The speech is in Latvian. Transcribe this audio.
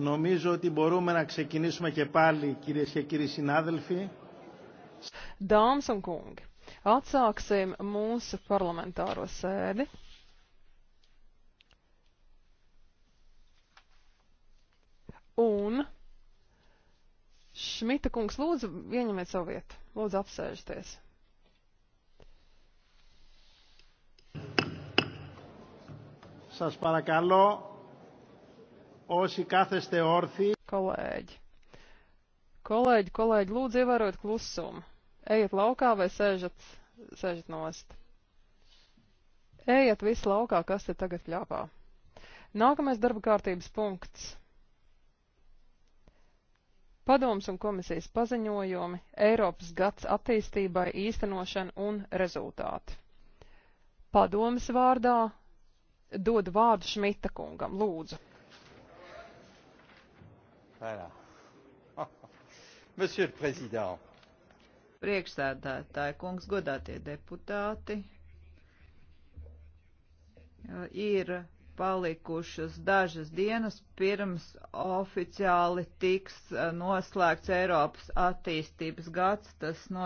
Νομίζω ότι μπορούμε να ξεκινήσουμε και πάλι, κυρίες και κύριοι συνάδελφοι. Dāmas un kungi, atsāksim mūsu parlamentāro sēdi. Un Šmita kungs, lūdzu, ieņemiet savu vietu. Lūdzu, apsēžieties. Σας παρακαλώ Όσοι κάθεστε όρθιοι. Kolēģi. Kolēģi, kolēģi, lūdzu ievērot klusumu. Ejiet laukā vai sēžat, sēžat nost. Ejiet visi laukā, kas te tagad ļāpā. Nākamais darba kārtības punkts. Padoms un komisijas paziņojumi Eiropas gads attīstībai īstenošana un rezultāti. Padomas vārdā dod vārdu Šmita kungam, lūdzu. Voilà. Monsieur le Président. Priekšsēdētāji, kungs, godātie deputāti, ir palikušas dažas dienas pirms oficiāli tiks eh, noslēgts Eiropas attīstības gads. Tas no